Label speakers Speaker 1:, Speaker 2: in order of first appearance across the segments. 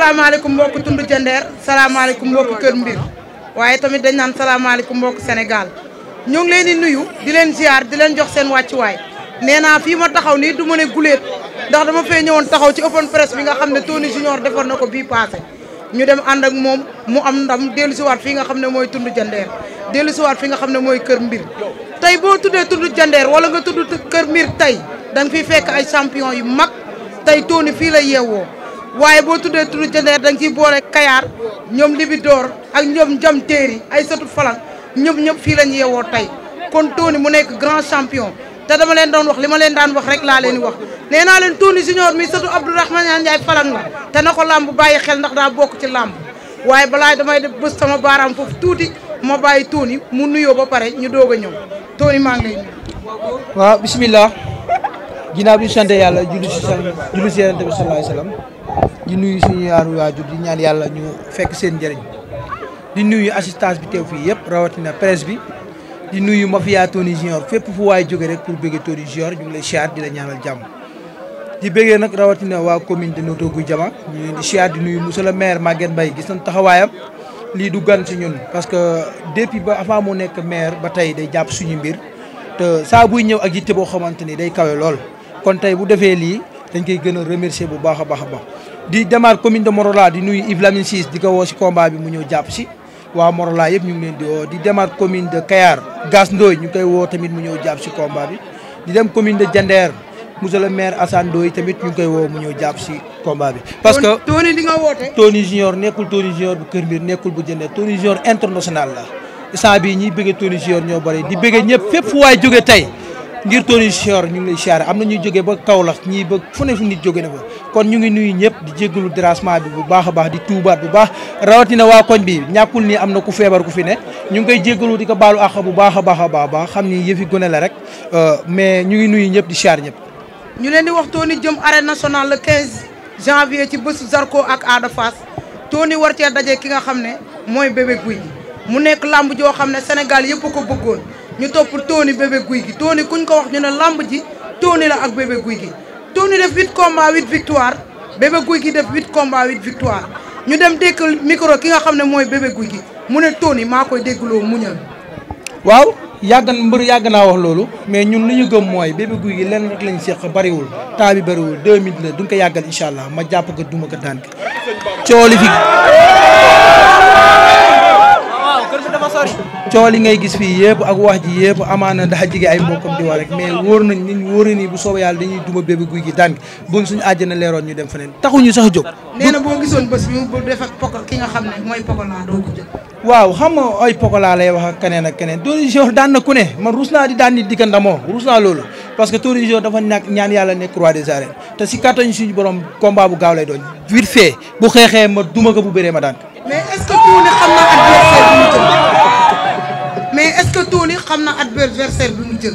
Speaker 1: salaamaaleykum mbokk tund jandeer salaamaaleykum mbokk kër mbir waaye tamit dañ naan salaamaaleykum mbokk Sénégal ñoo ngi leen di nuyu di leen ziar di leen jox seen wàccuwaay nee naa fii ma taxaw nii du ma ne guleet ndax dama fee ñëwoon taxaw ci open press bi nga xam ne Tony Junior defoon na ko bii passé ñu dem ànd ak moom mu am ndam dellu siwaat fii nga xam ne mooy tund jandeer dellu siwaat fi nga xam ne mooy kër mbir tey boo tuddee tund jandeer wala nga tudd kër mbir tey da nga fiy fekk ay champion yu mag tey Tony fii la yeewoo waaye boo tuddee turu Jendeer da ciy boole Kayaar ñoom Libidoor ak ñoom Njam Téeri ay satu falan ñëpp ñëpp fii la ñu tey kon Tony mu nekk grand champion te dama leen doon wax li ma leen daan wax rek laa leen di wax nee naa leen Tony Junior mi satu Abdourahmane Ndiaye falan la te na ko làmb bàyyi xel ndax daa bokk ci làmb waaye balaa damay def bés sama baaraam foofu tuuti ma bàyyi Tony mu nuyoo ba pare ñu doog a ñëw Tony maa ngi lay nuyu.
Speaker 2: waaw bisimilah. ginnaaw sant yàlla julli si sa julli si di nuyu suñu yaaru waajur di ñaan yàlla ñu fekk seen njëriñ di nuyu assistance bi teew fii yëpp rawatina presse bi di nuyu mafia Tony Junior fépp fu waay jóge rek pour bëggee Tony Junior ñu ngi lay siyaar di la ñaanal jàmm di bëggee nag rawatina waa commune de Notto Gouye Diama ñu ngi di siyaar di nuyu monsieur le maire Maguette gis nañ taxawaayam lii du gan si ñun parce que depuis ba avant mu nekk maire ba tey day jàpp suñu mbir te saa buy ñëw ak yitte boo xamante ni day kawe lool kon tey bu defee lii dañ koy gën a remercier bu baax a baax a baax di démarre commune de Morola di nuyu Yves Lamine di ko woo si combat bi mu ñëw jàpp si waa Morola yëpp ñu ngi leen di woo di démarre commune de Kayar Gas Ndoye ñu koy woo tamit mu ñëw jàpp si combat bi di dem commune de Diender monsieur le maire Assane Ndoye tamit ñu ngi koy woo mu ñëw jàpp si combat bi. parce que
Speaker 1: Tony li nga woote.
Speaker 2: Tony Junior nekkul Tony Junior bu Kër Mbir nekkul bu Diender Tony Junior international la. instant bii ñiy bëggee Tony Junior ñoo bëri di bëggee ñëpp fépp fu waay jógee tey. ngir Tony Sior ñu ngi lay siyaare am na ñu jógee ba Kaolack ñii ba fu ne fu nit jóge na fa kon ñu ngi nuyu ñëpp di jéggalu dérangement bi bu baax a baax di tuubaat bu baax rawatina waa koñ bi ñàkkul ni am na ku feebar ku fi ne ñu ngi koy jéggalu di ko baalu a bu baax a baax a baax xam ni yëfi gone la rek euh, mais ñu ngi nuyu ñëpp di siyaar ñëpp.
Speaker 1: ñu leen di wax Tony jëm arène nationale le 15 janvier ci bésu Zarko ak Ada Fass Tony war cee daje ki nga xam ne mooy bébé guy mu nekk làmb joo xam ne Sénégal yëpp ko bëggoon. ñu topp Tony bébé guy gi ku kuñ ko wax ñu ne làmb ji Tony la ak bébé guy gi Tony def huit combats huit victoire bébé guy gi def huit combats huit victoire ñu dem dégg micro ki nga xam ne mooy bébé guy gi mu ne Tony maa koy déggloo muñal waaw yàgg mbër yàgg naa wax loolu mais ñun li ñu gëm mooy bébé guy gi
Speaker 2: lenn rek lañ seq bariwul temps bi bariwul deux minutes la du ko yàggal incha allah ma jàpp ko duma ko daan ko cooli fi dafa sori. coow li ngay gis fii yëpp ak wax ji yëpp amaana daxa jige ay mbokkam di wax rek mais wóor nañ nit wóor na bu soobee yàlla dañuy duma bébé guy gi daan buñ suñu àjjana leeroon ñu dem feneen taxuñu sax jóg. nee na boo gisoon
Speaker 1: bés bi bu def ak ki nga xam ne mooy pokola doo ko jóg.
Speaker 2: waaw nga ay pokola lay wax ak keneen ak keneen Tori Jor daan na ku ne man ruus naa di daan nit diggante moo ruus naa loolu. parce que Tori Jor dafa ñàkk ñaan yàlla nekk roi des arènes te si bu xeexee ma duma ko bu bëree ma daan
Speaker 1: xam na mais est-ce que Tony xam na adversaire bi mu jël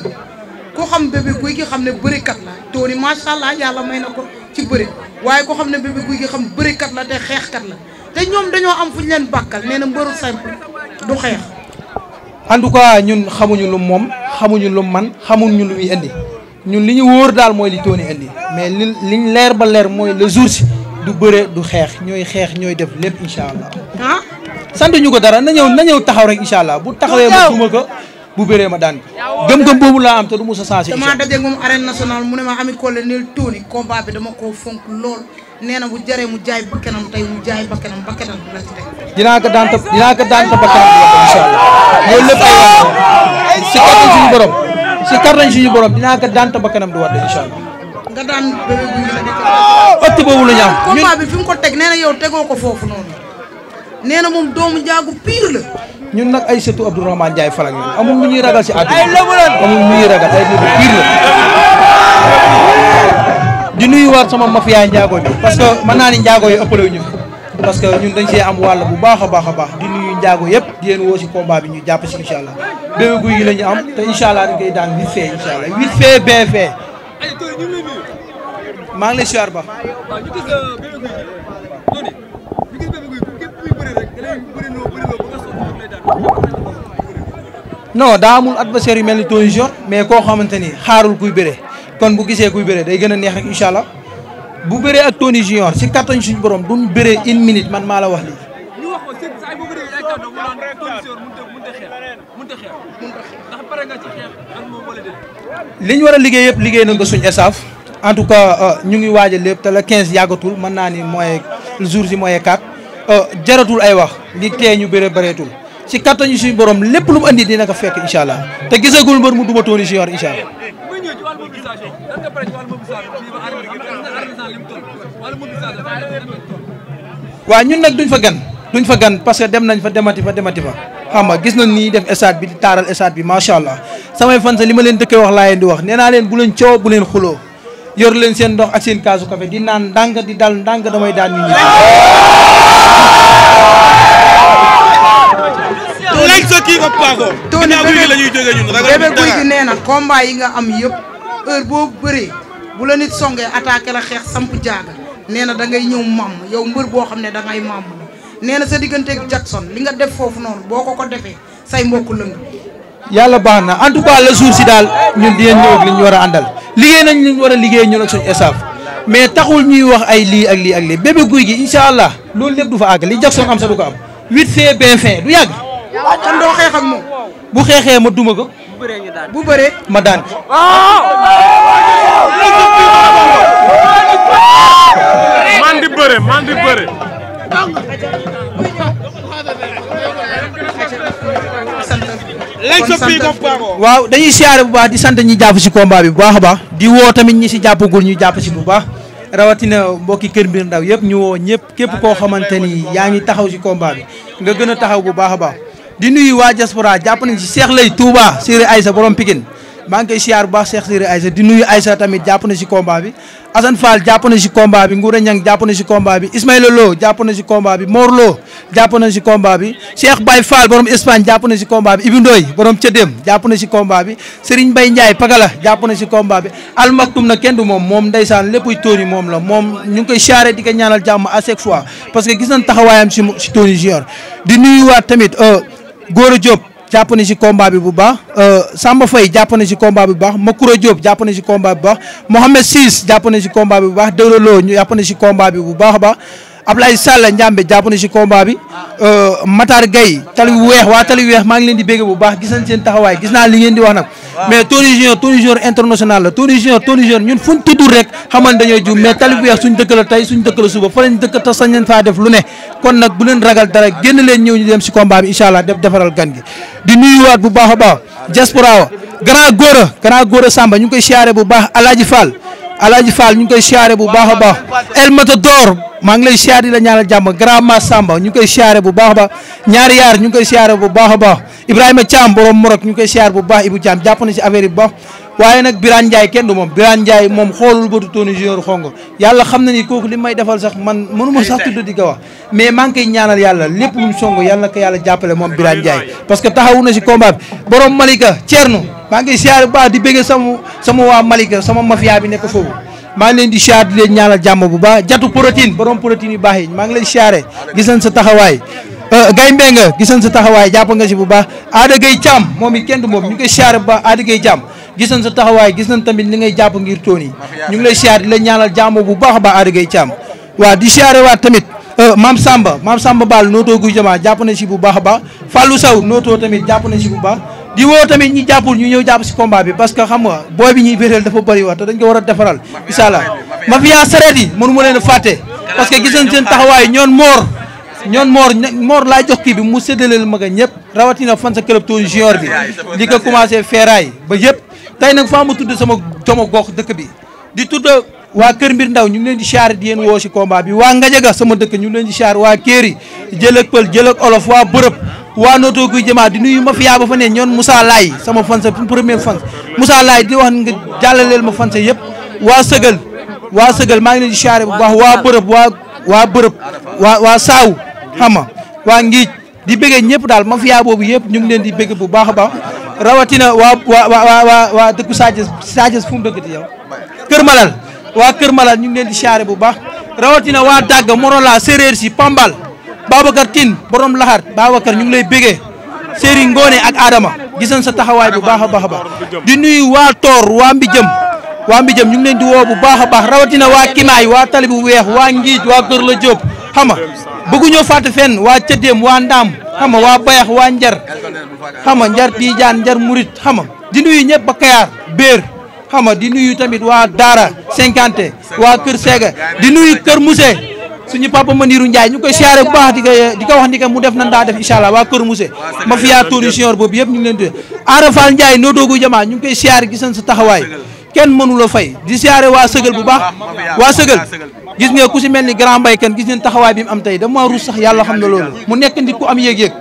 Speaker 1: ku xam Bébé guy Gui xam ne bërikat la Tony macha allah yàlla may na ko ci bëri waaye ku xam ne Bébé guy Gui xam bërikat la te xeexkat la te ñoom dañoo am fu ñu leen bàkkal nee na mbëru simple du xeex.
Speaker 2: en ñun xamuñu lu moom xamuñu lu man xamuñu lu muy indi ñun li ñu wóor daal mooy li Tony indi mais li liñ leer ba leer mooy le jour si du bëre du xeex ñooy xeex ñooy def lépp incha allah. Ah? sant ñu ko dara na ñëw na ñëw taxaw rek incha allah bu taxawee ma duma ko bu bëree ma daan gëm-gëm boobu laa am te du mu sa sensé. damaa
Speaker 1: dajeeg moom arène nationale mu ne ma Ami Collé neel Tony koo fonk lool nee na bu jëree mu jaay bakkanam tey mu jaay bakkanam bakkanam la ci teg.
Speaker 2: dinaa ko dinaa ko daan ta bakkanam incha allah loolu lépp ay wax si dinaa ko daan ta bakkanam du wadd incha allah.
Speaker 1: nga daan bébé bu la ëtt boobu la ñu am. combat bi fi mu ko teg nee na yow tegoo ko foofu noonu. nee na moom doomu njaagu pire la. ñun nag ay sëtu
Speaker 2: Abdourahmane Ndiaye Falang ñun amul lu ñuy ragal si àdduna ay lëbu amul lu ñuy ragal ay lëbu pire la. di nuyuwaat sama mafia njaago bi parce que mën naa ni njaago yi ëppale ñu parce que ñun dañ see am wàll bu baax a baax a baax di nuyu njaago yëpp di leen woo si combat bi ñu jàpp si incha allah guy yi la am te incha allah dañ koy daan huit fee incha allah fee bien fee. maa ngi lay siyaar ba. non daa amul adversaire yu mel ni Tony Jor mais koo xamante ni xaarul kuy bëre kon bu gisee kuy bëre day gën a neex ak incha allah bu bëree ak Tony Junior si kattan suñu borom duñ bëree une minute man maa la wax lii. li ñu war a liggéey yëpp liggéey nañ ko suñu staff en tout cas euh, ñu ngi waajal lépp te la 15 yàggatul mën naa ni mooy jours yi mooy 4. Euh, jaratul ay wax li tee ñu bëre bareetul ci kattan ñu suñu lépp lu mu andi dina ko fekk incha allah te gisagul mbër mu duma tooni si yoon incha allah. waaw ñun nag duñ fa gan duñ fa gan parce que dem nañ fa demati fa demati fa xam nga gis na nii def stade bi di taaral stade bi macha allah samay fan sa li ma leen dëkkee wax laa leen di wax nee naa leen bu leen coow bu leen xuloo yor leen seen ndox ak seen kaasu café di naan ndànk di dal ndànk damay daan
Speaker 1: léegi sa kii nga paako. Tony beneen la guy gi nee na combat yi nga am yépp heure boo bëree bu la nit songee attaqué la xeex samp jaaga nee na da ngay ñëw mamm yow mbër boo xam ne da ngay mamm nee na sa digganteeg Jackson li nga def foofu noonu boo ko ko defee say mbokk lëng.
Speaker 2: yàlla baax na en tout cas le si daal ñun dinañ ñëw ak li ñu war a àndal liggéey nañ li ñu war a liggéey ñun ak suñu staff mais taxul ñuy wax ay lii ak lii ak lii bébé guy gi incha allah loolu lépp du fa àgg li Jackson am sa du ko am. 8 fee bien fin du yàgg. kon bu xeexee ma duma ko. bu bëree ma daan ko.
Speaker 1: Ah! man di bëre man di bëre.
Speaker 2: waaw dañuy siyaare bu baax di sant ñi jàpp si combat bi bu baax a baax di woo tamit ñi si jàppagul ñuy jàpp si bu baax. rawatina mbokki kër mbir ndaw yëpp ñu woo ñëpp képp koo xamante ni yaa ngi taxaw si combat bi nga gën a taxaw bu baax a baax di nuyu waa diaspora jàpp nañ si Cheikh Lay Touba Serigne Aïssa borom Pikine maa ngi koy siyaar bu baax Cheikh Siré Aïssa di nuyu Aïssa tamit jàpp na si combat bi Assane Fall jàpp na si combat bi Ngoura Niang jàpp na si combat bi Ismaïla Lo jàpp na si combat bi Mor Lo jàpp na si combat bi Cheikh Baye Fall borom Espagne jàpp na si combat bi Ibou Ndoye borom Cëddeem jàpp na si combat bi Serigne Baye Ndiaye Pagala jàpp na si combat bi Al Maktoum na kenn du moom moom ndeysaan léppuy Tony moom la moom ñu ngi koy siyaare di ko ñaanal jàmm à chaque fois parce que gis nañ taxawaayam si si Tony Junior di nuyuwaat tamit euh, góor a Diop jàpp na ci combat bi bu baax euh, Samba Faye jàpp na ci combat bi bu baax Makura Diop jàpp na ci combat bi bu baax Mohamed Ciss jàpp na ci combat bi bu baax Dóor Lo ñu jàpp na ci combat bi bu baax a baax Ablaye Sall Njambe jàpp na ci combat bi euh, Matar Gueye tali weex waa tali weex maa ngi leen di bégg bu baax gis seen taxawaay gis naa li ngeen di wax nag mais Tony Junior Tony Junior international la Tony Junior Tony Junior ñun fu ñu tudd rek xamal dañoo jub mais tali weex suñ dëkk la tey suñ dëkk la suba fa lañ dëkk te sañ leen faa ne kon nag bu leen ragal dara génn leen ñëw ñu dem ci combat bi incha allah def defaral di nuyuwaat bu baax a baax diaspora wa grand góor a grand Samba ñu ngi koy siyaare bu baax Alaaji Fall Alaaji Fall ñu ngi koy bu baax a baax El Matador maa ngi lay siyaar di la ñaanal jàmm grand ma ñu ngi koy siyaare bu baax a baax ñaari yaar ñu ngi koy siyaare bu baax a baax Ibrahima Thiam borom Morok ñu ngi koy siyaar bu baax Ibou Thiam jàpp na ci affaire yi bu baax waaye nag Birane Ndiaye kenn du moom Birane Ndiaye moom xoolul bëtu Tony Junior xong yàlla xam na ni kooku li may defal sax man mënuma sax tudd di ko wax mais maa ngi koy ñaanal yàlla lépp lu mu song yàlla na ko yàlla jàppale moom Birane Ndiaye maa ngi siyaar bu baax di bëggee sama sama waa Malika sama mafia bi nekk foofu maa ngi leen di siyaar di leen ñaanal jàmm bu baax jatu protéine borom protéine yu baax yi maa ngi la siyaare gis nañ sa taxawaay euh, gay mbé nga gis nañ sa taxawaay jàpp nga si bu baax aada gay càmm moom it kenn moom ñu ngi koy siyaare bu baax aada gay càmm sa taxawaay gis nañ tamit li ngay jàpp ngir Tony ñu ngi lay siyaar di la ñaanal jàmm bu baax a baax aada gay càmm waaw di siyaare waat tamit euh, maam Samba maam Samba Baal nootoo guy jamaa jàpp na si bu baax a baax Fallou saw nootoo tamit jàpp na si bu baax di woo tamit ñi jàppul ñu ñëw jàpp si combat bi parce que xam nga booy bi ñuy bëreel dafa bëri wax te dañ ko war a defaral incha allah mafia sareet yi mënu ma leen a fàtte parce que gis nañ seen taxawaay ñoon moor ñoon moor moor laay jox kii bi mu séddaleel ma nga ñëpp rawatina fan sa club Tony bi li ko commencé feeraay ba yëpp tey nag faa ma tudd sama sama gox dëkk bi di tudd waa Kër Mbir Ndaw ñu ngi leen di siyaar di yéen woo si combat bi waa Ngajaga sama dëkk ñu leen di siyaar waa Kéeri jël ak pël olof waa bërëb waa nootoo kuy jëmaat di nuyu ma fi yaa ba fa ne ñoon Moussa Laye sama fan sa premier fan Moussa Laye di wax nga jàllaleel ma fan sa yëpp waa sëgal waa sëgal maa ngi leen di siyaare bu baax waa bërëb waa waa bërëb waa waa saaw xam waa ngiij di bëggee ñëpp daal ma fi boobu yëpp ñu ngi leen di bëgg bu baax a baax rawatina waa waa waa waa waa dëkku di yow Kër Malal waa Kër Malal ñu ngi leen di siyaare bu baax rawatina waa dàgg laa séeréer si Pambal Babacar Tine borom laxaat Babacar ñu ngi lay bégee Serigne Ngoone ak Adama gis nañ sa taxawaay bu baax a baax a baax di nuyu waa Toor waa Mbijëm waa Mbijëm ñu ngi leen di woo bu baax a baax rawatina waa Kimaay waa Tali bu Weex waa Ngiij waa Kër la Diop xam nga bëgguñoo fàtte fenn waa Cëddeem waa Ndaam xam nga waa Bayax waa Njar xam nga Njar Tiijaan Njar Murit xam di nuyu ñëpp ba Kayaar Béer xam nga di nuyu tamit waa Daara cinquante waa Kër Sega di nuyu Kër Muse suñu papa Maniru Ndiaye ñu koy siyaare bu baax di ko di ko wax ni que mu def nan daa def incha allah waa Kër Mousse ma fiyaa tuuri boobu yëpp ñu ngi leen di fay di siyaare waa sëgal bu baax waa sëgal gis nga ku si mel ni grand mbaykan gis ngeen taxawaay bi mu am tey dama ruus sax xam na loolu mu nekk nit ku am yéeg-yéeg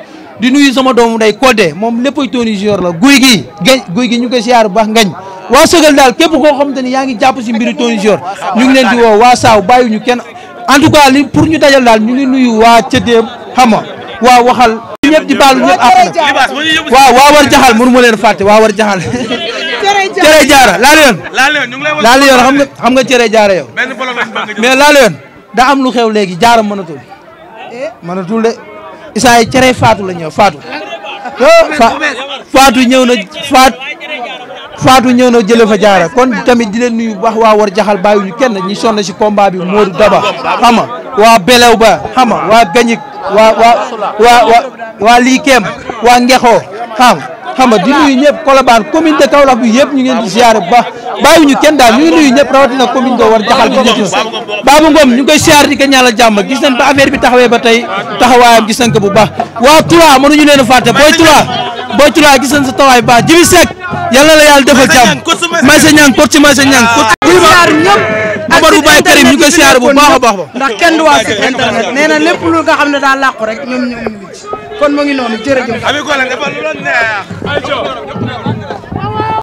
Speaker 2: sama doomu day Codé moom léppay Tony Junior la guy gi gañ gi ñu koy siyaare bu baax ngañ waa sëgal daal képp koo xamante ni yaa ngi jàpp si mbiri Tony ngi leen di woo waa saaw bàyyiwuñu kenn en tout cas li pour ñu dajal daal ñu ngi nuyu waa Cëddeem xam nga waa waxal. ñëpp di baalu ñëpp àq waaw waa war jaxal mënu ma leen fàtte waa war jaxal.
Speaker 1: cere jaara laal yoon.
Speaker 2: laal yoon xam nga cere jaara yow. mais laal yoon da am lu xew léegi jaara mënatul. mënatul de Issa yi cere faatu la ñëw faatu. Oh, faatu ñëw na faatu. Fatou ñëw na jële fa jaara kon tamit di leen nuyu wax waa war jaxal baa bàyyiwuñu kenn ñi sonn si combat bi Modou Daba xama waa Belew ba xama waa Gañik waa waa waa waa Likeem waa Ngexoo xam xama di nuyu ñëpp Colobane commune de Kaolack bi yëpp ñu ngeen di siyaare bu baax bàyyiwuñu kenn daal ñu ngi nuyu ñëpp rawatina commune de war jaxal bi njëkk Babou Ngom ñu ngi koy siyaar di ko ñaanal jàmm gis nañ ba affaire bi taxawee ba tey taxawaayam gis nañ ko bu baax waa a Kocc Roy gis nañ sa tawaay baax Jibi Seck yal na la yàlla defal jàmm may sa ñaan coach may sa ñaan coach di siyaar ñëpp Omar bu Baye Karim ñu koy siyaar bu baax a baax ba ndax kenn du waa si internet nee na lépp
Speaker 1: lu nga xam ne daa làqu rek ñoom ñoom ñu ci kon mu ngi noonu jërëjëf